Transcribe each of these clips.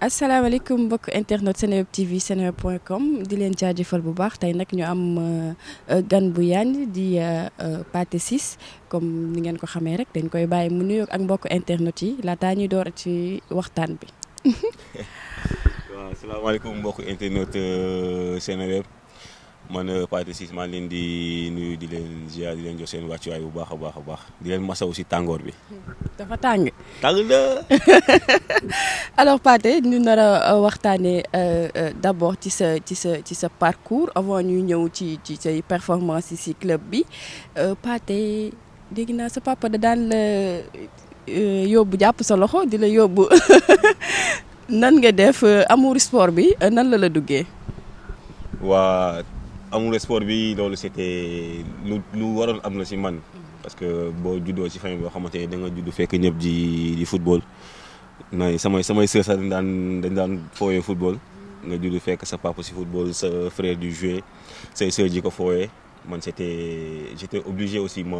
asalaamaaleykum mbokk internet Seneweb TV seneweb.com di leen jaajëfal bu baax tey nag ñu am euh, euh, gan bu yaañ di euh, Pathé Ciss comme ni ngeen ko xamee rek dañ koy bàyyi mu nuyoog ak mbokk internet yi laataa ñuy door ci waxtaan bi. waaw asalaamaaleykum mbokk internet Seneweb man Pathé Ciss maa leen di nuyu di leen ziar jox seen wàccuwaay bu baax a baax a baax di leen masawu si tàngoor bi. dafa tàng. tàng la. alors Pathé ñu nar a euh, waxtaanee euh, euh, d'abord ci sa ci sa ci sa parcours avant ñuy ñëw ci ci say performance si club bi Pathé dégg naa sa papa da daan la yóbbu jàpp sa loxo di la yóbbu nan nga def amour sport bi nan la la duggee. waa. amul sport bi loolu c'était lu lu waroon am na si man. parce que boo juddoo si famille boo xamante ne da nga judd fekk ñëpp di di football. naay samay samay sœur sax dañ daan dañ daan fooyee football. nga judd fekk sa papa si football sa frère du jouer say sœur ji ko fooyee man c'était j'étais obligé aussi ma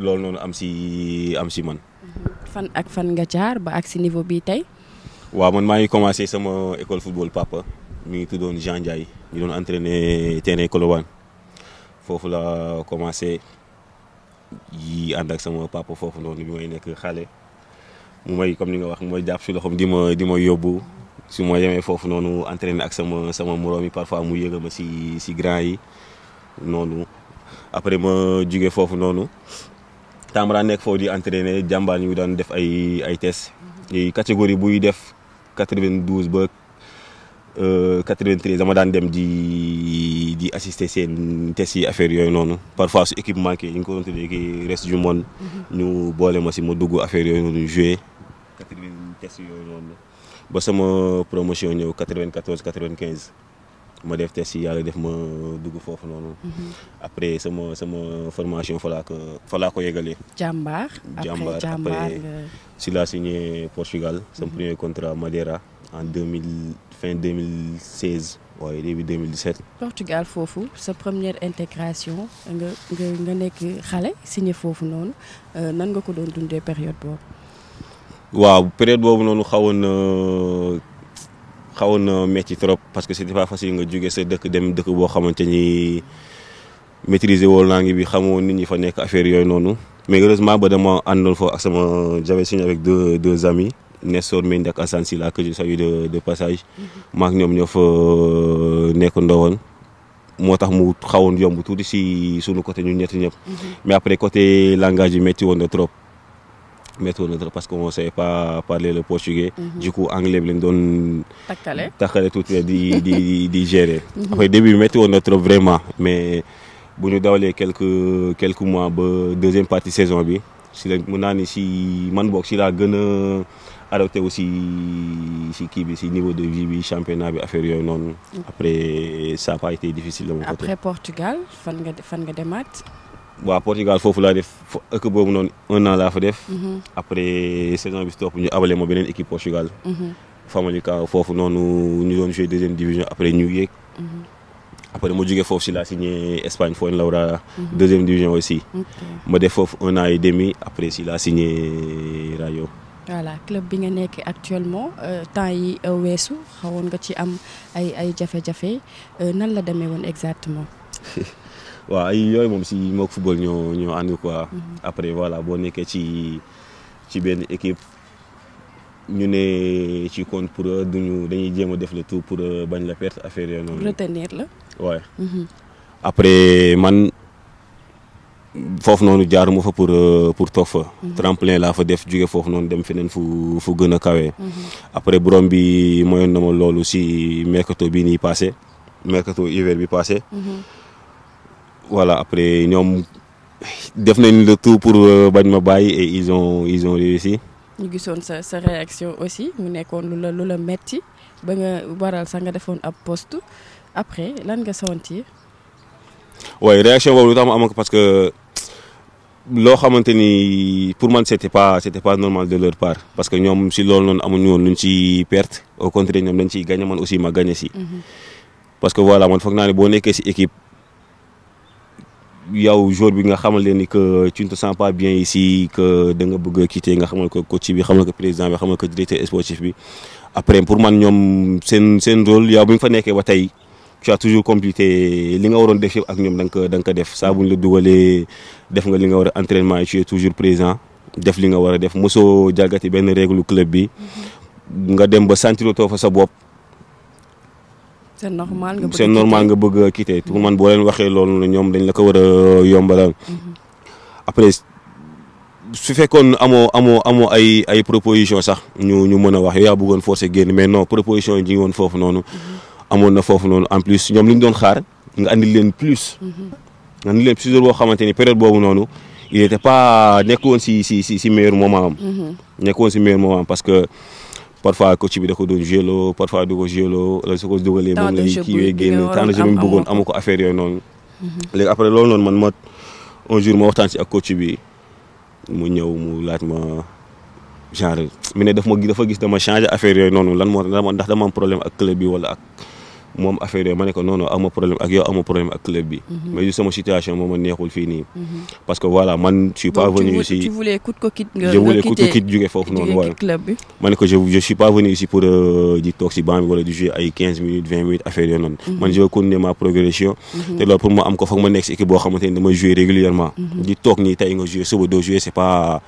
loolu noonu am si am si man. Mm-hmm. fan ak fan nga jaar ba ak si niveau bii tey. waaw man maa ngi commencé sama école football papa mi ngi tuddoon Jean Ndiaye. ñu doon entraîné terrain Colobane foofu la commencé yi ànd ak sama papa foofu noonu bi may nekk xale mu may comme ni nga wax mu may jàpp si loxoom di ma di ma yóbbu su ma yemee foofu noonu entraîné ak sama sama moroom yi parfois mu yëga ma si si grand yi noonu après ma jugee foofu noonu Tambara nekk foofu di entraîné jàmbaar ñu daan def ay ay tests. catégorie buy def 92 ba. 93 euh, dama daan dem di di assister seen test yi affaire yooyu noonu parfois su équipement manqué ñu ngi ko doon tuddee kii reste du monde. Mhm. ñu boole ma si ma dugg affaire yooyu noonu joué 80 test yooyu noonu ba sama promotion ñëw ma def test yi yàlla def ma dugg foofu noonu. Mhm. après sama sama formation fa laa ko fa laa ko yegalee. jàmbaar après jàmbaar si laa signé Portugal. sama mhm. premier contrat Madeira en 2000. fin 2016 waaye début 2017. Portugal foofu sa première intégration nga nga nekk xale signé foofu noonu euh, nan nga ko doon dundee période boobu. waaw période boobu noonu xawoon na xawoon na metti trop parce que c'était pas facile nga jógee sa dëkk dem dëkk boo xamante ni maîtriser woon ngi bi xamoo nit ñi fa nekk affaire yooyu noonu mais heureusement ba dama àndoon foofu ak sama j'avais signé avec deux deux amis. Nestor Mendy ak Assane Sylla que je salue de de passage maak ñoom ñoo fa euh, nekkandoo woon moo tax mu xawoon yomb tuuti si sunu côté ñu ñett ñëpp mais après côté langage yi métti na trop métti woon na parce que on savait pas parler le portugais mhm. du coup anglais bi lañ doon takkale takkale tuuti di di di gérer mhm. après début bi métti na trop vraiment mais bu ñu dawalee quelque quelques mois ba deuxième partie saison bi si lañ mun naa si man boog si laa gën a adopté aussi si kii bi si niveau de vie bi championnat bi affaire yooyu noonu. après ça a pas été difficile de mon côté. après Portugal fan nga fan nga demaat. waaw Portugal foofu laa def fo ëkk boobu noonu un an laa fa def. Mhm. après saison bi si topp ñu abale ma beneen équipe Portugal. Mhm. Famalicão foofu noonu ñu doon joué deuxième division après ñu yéeg. Mhm. après ma jógee foofu si laa signé Espagne Fuenlabrada. deuxième division aussi. ma def foofu un an et demi après si laa signé Rayo. voilà club bi nga nekk actuellement euh, temps yi euh, weesu xawoon nga ci am ay ay jafe-jafe euh, nan la demee woon exactement. waaw ay yooyu moom si mook football ñoo ñoo ànd quoi. Mhm. après voilà boo nekkee ci ci benn équipe ñu ne ci compte pour du duñu dañuy jéem a def le tout pour bañ la perte affaire yooyu noonu. retenir la. waaw. Mhm. après man. foofu noonu jaaruma fa pour euh, pour toog fa. Mhm. tremplin laa fa def jóge foofu noonu dem feneen fu fu gën a kawe. Mhm. après borom bi mayoon na ma loolu si mercato bii nii passé mercato hiver bi passé. Mhm. voilà après ñoom def nañ le tout pour euh, bañ ma bàyyi et ils ont ils ñu gisoon sa sa réaction aussi mu nekkoon lu la lu metti ba nga waral sax nga defoon ab post après lan nga sentir. waaye réaction boobu lu tax ma parce que loo xamante ni pour man c'était pas c'était pas normal de leur part parce que ñoom si loolu noonu amuñu woon luñ ci perte au contraire ñoom dañ ciy gagné man aussi ma gagné si. Mhm. parce que voilà man foog naa boo nekkee si équipe yow jour bi nga xamal leen ni que tu ne te sens pas bien ici que da nga bëgg a quitter nga xamal ko coach bi xamal ko président bi xamal ko directeur sportif bi après pour man ñoom seen seen rôle yow bi nga fa nekkee ba tey. tu as toujours complété li nga waroon def ak ñoom da ko da ko def saa bu ñu la def nga li nga war a entraînement yi toujours présent def li nga war a def mosoo jàggati benn règle club bi nga dem ba sentir too fa sa bopp. c'est normal nga bëgg c'est normal nga bëgg a man boo leen waxee loolu ñoom dañ la ko war a yombalal. Mm-hmm. après su fekkoon amoo amoo amoo ay ay proposition sax ñu ñu mën a wax yow yaa bëggoon forcer génn mais non proposition yi ñu woon foofu noonu. Mm-hmm. amoon na foofu noonu en plus ñoom li ñu doon xaar nga andil leen plus. nga mhm. andil leen plus boo xamante ni période boobu noonu il était pas nekkoon si si si si meilleur moment am. Mhm. nekkoon si meilleur moment parce que parfois coach bi da ko doon jëloo parfois du ko jëloo su ko dugalee. moom lay kiiwee génn temps de jeu bi mu bëggoon amu ko affaire yooyu noonu. Mhm. léegi après loolu man ma un jour ma waxtaan si ak coach bi mu ñëw mu laaj ma. genre mi ne daf ma dafa gis dama changer affaire noonu lan moo tax ndax dama am problème ak bi wala ak moom affaire yooyu ma ne ko non non amoo problème a yow amoo problème ak club bi. Mhm. mais juste sama situation moom ma neexul fii nii. Mhm. parce que voilà man je suis pas venu ici. tu ma ne ko je je suis pas venu ici pour euh, di toog si banc bi wala di jouer ay quinze minutes noonu. Mhm. man je veux continuer ma progression. te loolu pour ma am ko foog ma nekk si équipe boo xamante ni dama jouer régulièrement. di toog nii tey nga jouer suba doo jouer c'est pas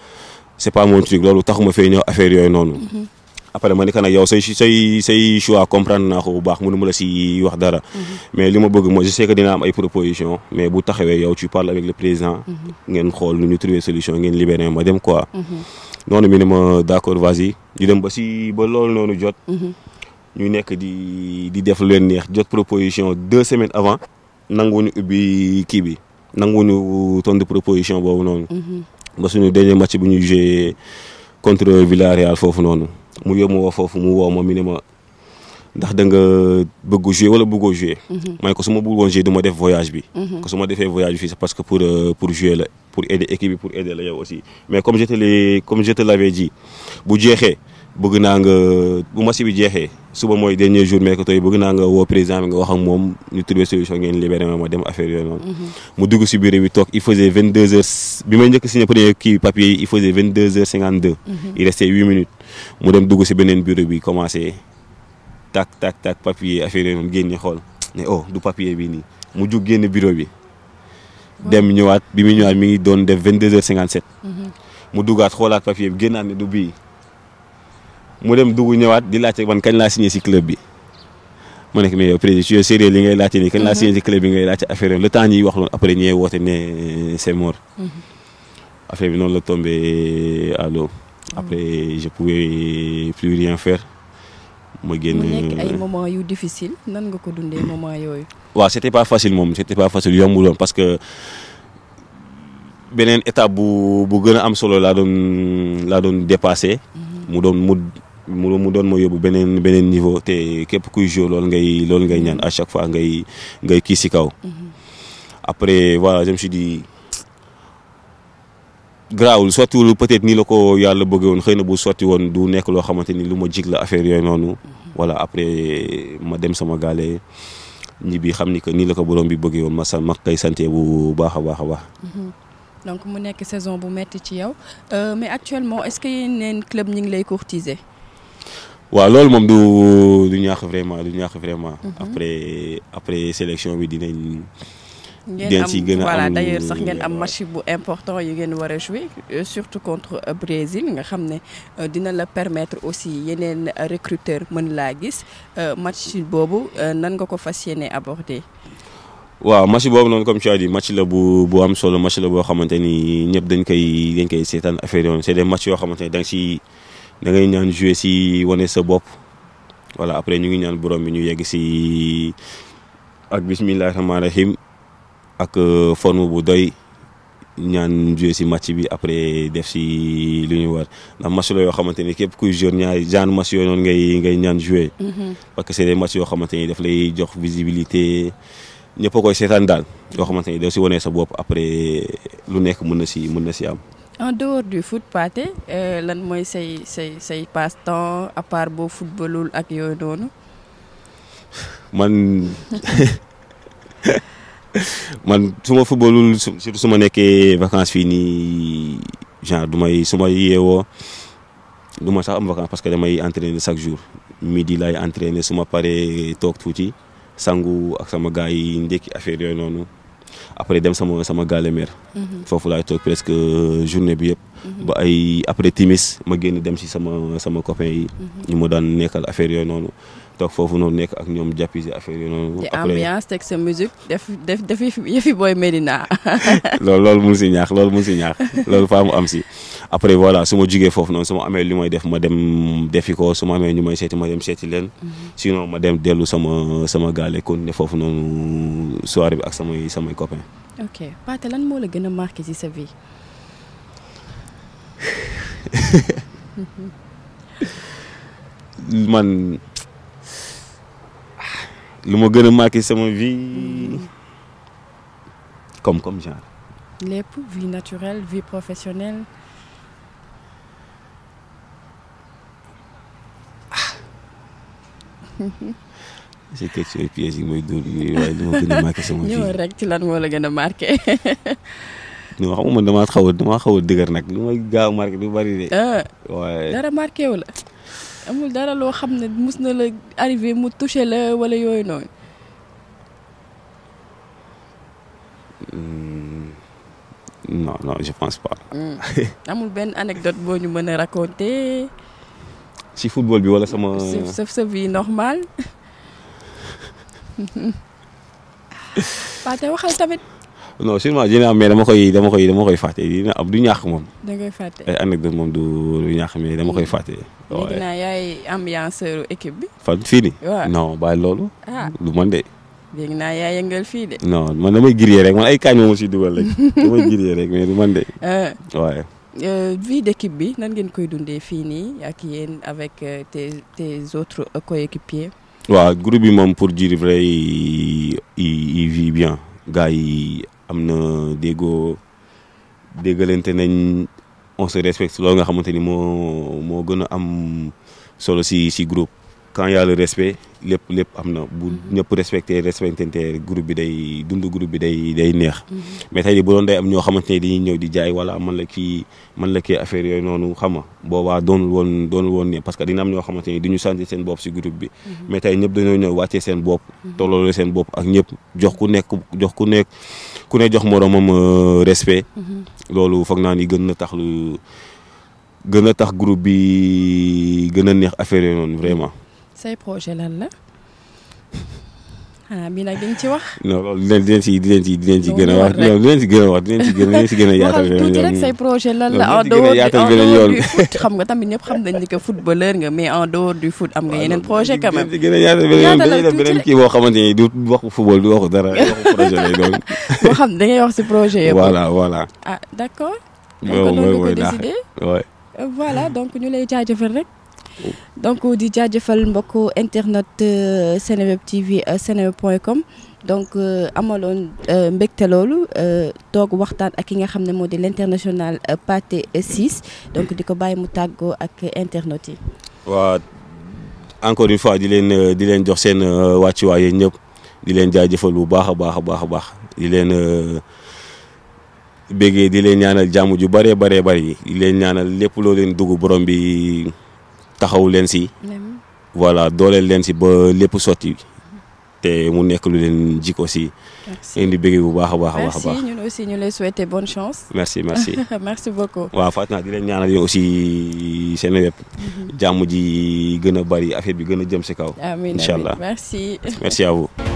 c'est pas mon truc loolu taxuma fee ñëw affaire yooyu noonu. après ma ni ko nag yow say say say choix comprendre naa ko bu baax mënu ma la si wax dara. Mhm. mais li ma bëgg mooy je sais que dina am ay proposition mais bu taxawee yow ci parles avec le président. Mhm. ngeen xool nu ñu trouver solution ngeen libéré ma dem quoi. Mhm. noonu mi ne ma d' accord vas ñu dem ba si ba loolu jot. ñu nekk di di def lu leen neex jot proposition deux semaines avant nanguwuñu ubbi kii bi nanguwuñu tontu proposition boobu noonu. ba suñu dernier match bu ñuy joué contre Villarreal foofu noonu. mu yóbbu ma foofu mu woo ma mi ne ma ndax da nga bëgg a jouer wala bëggoo jouer. Mhm. may ko su ma bëgg woon du ma def voyage bi. ko mhm. su ma defee voyage bi parce que pour euh, pour jouer la pour aider équipe bi pour aider la yow aussi mais comme je te l'ai comme bu jeexee. bëgg naa nga bu ma match bi jeexee suba mooy dernier jour ko yi bëgg naa nga woo président nga wax ak moom ñu trouver solution ngeen libéré ma ma dem affaire yooyu noonu. Mhm. mu dugg si bureau bi toog il faisait vingt deux heures bi may njëkk signé premier kii papier yi il faisait vingt deux heures cinquante deux. Mhm. il restait huit minutes mu dem dugg si beneen bureau bi commencé tak tak tak papier affaire yooyu noonu génn xool ne oh du papier bii nii mu jug génn bureau bi. dem ñëwaat bi muy ñëwaat mi ngi doon def vingt deux heures cinquante mhm. mu duggaat xoolaat papier bi génnaat ne du mu dem dugg ñëwaat di laajte man kañ laa signé si club bi ma nekk mais président yow sérieux li ngay laajte nii kañ laa signé si club bi ngay laajte affaire le temps ñuy wax loolu après ñee woote mm-hmm. bi noonu la tombé à l'eau mm-hmm. après je plus rien faire ma nekk ay euh, moments yu difficile nan nga ko dundee moment yooyu waaw c'était pas facile moom c'était pas facile yombul woon parce que beneen état bu bu gën a am solo laa doon laa doon dépassé mm-hmm. mu doon mu mu mu doon ma yóbbu beneen beneen niveau te képp kuy joué loolu ngay loolu ngay ñaan à chaque fois ngay ngay kii si kaw. après voilà je me suis dit garaawul sottiwul peut-être nii la ko yàlla bëggee woon xëy na bu sotti woon du nekk loo xamante ni lu ma jig la affaire yooyu noonu. wala après ma dem sama gaale ñibbi xam ni que nii la ko borom bi bëggee woon ma sa ma koy sante bu baax baax a baax. donc mu nekk saison bu metti ci yow euh, mais actuellement est-ce que yeneen club ñu ngi lay courtiser. waaw loolu moom du du ñaax vraiment du ñaax vraiment. Mhm. après après sélection bi dinañ. ngeen am voilà d'ailleurs sax ngeen am match bu important yi ngeen war a jouer euh, surtout contre euh, Brésil nga xam ne euh, dina la permetre aussi yeneen recruteur man laa gis match boobu nan nga ko fas yéene aborder. waaw match boobu noonu comme tu as dit match la bu bu am solo match la boo xamante ni ñëpp dañ koy dañ koy seetaan affaire yoon c'est yoo xamante ni da si da ngay ñaan jouer si wane sa bopp voilà après ñu ngi ñaan borom bi ñu yegg si ak bismillahi rahmaani rahim ak euh, forme bu doy ñaan jouer si match bi après def si lu ñu war ndax match la yoo xamante ni képp kuy jouer ñaari genre match yooyu noonu ngay ngay ñaan jouer. Mm-hmm. parce que c'est des yoo xamante ni daf lay jox visibilité. ñëpp a seetaan daal yoo xamante ni doo si wane sa bopp après lu nekk mun na si mën na si am. en dehors du foot Pathé euh, lan mooy say say say passe-temps à part boo footballul ak yooyu noonu. man man su ma footballul surtout su ma nekkee vacances fii nii genre du may su ma yeewoo du ma sax am vacances parce que damay entraîner chaque jour midi laay entraîner su suma paree toog tuuti sangu ak sama gars yi ndékki affaire yooyu noonu. après dem sama sama gaale meer mhm. foofu laa toog presque euh, journée bi yëpp mhm. ba ay après timis ma génn dem si sama sama copain yi mhm. ñu ma daan nekkal affaire yooyu noonu toog foofu noonu nekk ak ñoom jàppisi affaire yooyu noonu après ambiance teg sa musique def def def yëfi booy Medina loolu loolu mu si ñaax loolu mu si ñaax loolu faa mu am si après voilà suma jugee foofu noonu su ma amee li may def ma dem defi ko su ma amee ñu may seeti ma dem seeti leen mhm. sinon ma dem dellu sama sama gaale continuer foofu noonu soirée bi ak samay samay copains. ok lan moo la gën a marqué ci sa ma gën a marqué sama vie comme comme genre. lépp vie naturelle vie professionnelle. sa question pièces yi mooy dóor yooyu waaye li ma gën a marqué sama vie ñëwal rek ci lan moo la gën a marqué. xaw xaw a dëgër lu gaaw marqué du bari de. waaye ah, dara marqué wu amul dara loo xam ne mus na la arrivé mu touché la wala yooyu noonu. Hmm. non non je pense pas. Hmm. amul benn anecdote boo ñu mën a raconter. ci football bi wala sama. sa sa vie normale. waaw waxal tamit. non sûrement dina am mais dama koy dama koy dama koy fàtte dina am du ñàkk moom. da koy fàtte ay anecdote moom du du ñàkk dama koy fàtte. waaw léegi naa yaay ambianceur équipe bi. fan fii nii. waaw non bàyyi loolu. lu ah. man de. naa yaay fii de. non man damay grillé rek Euh, vie d'équipe bi nan ngeen koy dundee fii nii ak yéen avec euh, tes tes autres coéquipiers. groupe bi moom pour dire vrai il il bien gars yi am na déggoo déggalante nañ on se respecte loolu nga xamante ni moo moo gën a am solo si si groupe. quand y a le respect lépp lépp am na bu mhm. ñëpp respecté respecté groupe bi day dund groupe bi day day neex. Mhm. mais tey jii bu doon day am ñoo ne dañuy ñëw di jaay wala man la kii man la kii yooyu noonu xam nga boobaa doonul woon doonul woon ne parce que dina am ñoo xamante ne du ñu sentir seen bopp si groupe bi. Mhm. mais tey ñëpp dañoo ñëw wàccee seen bopp. tolloole seen bopp ak ñëpp jox ku nekk jox ku nekk ku ne jox moroomam euh, respect. loolu foog naa gën na tax lu a tax groupe bi gën a neex affaire yooyu noonu vraiment. say projet lan la. ah bii nag ci wax. non loolu dinañ dinañ si dinañ si si gën a wax dinañ si gën a wax dinañ si gën a dinañ si gën a yaatal beneen yoon tuuti rek la en dehors du foot xam nga tamit ñëpp xam nañ ni que footballeur nga mais en dehors du foot am nga yeneen projet quand même. a yaatal beneen yoon dañuy def beneen kii boo xamante ni du waxu football du waxu dara waxu projet lay doon. xam da ngay wax si projet yëpp. voilà voilà. ah d' accord. mooy mooy mooy voilà donc ñu lay jaajëfal rek. donc di jaajëfal mbokk internet euh, Seneweb TV euh, seneweb point com donc euh, amaloon mbégte loolu toog waxtaan ak ki nga xam ne moo di l'international Pathé Ciss donc di ko bàyyi mu tàggoo ak internet yi. waa encore une fois di leen di leen jox seen wàccuwaay yéen ñëpp di leen jaajëfal bu baax a baax a baax a baax di leen. béggee di leen ñaanal jàmm ju bëree bëree bëri di leen ñaanal lépp loo leen dugg borom bi taxaw leen si. voilà dooleel leen si ba lépp sotti. te mu nekk lu leen jik si merci indi bëgg bu baax a baax a baax. merci ñun aussi ñu lay souhaiter bonne chance. merci merci merci beaucoup. waaw leen ñaanal aussi seen web. Mhm. jàmm ji gën a bari affaire bi gën a jëm si kaw. amiin amiin allah merci. à vous.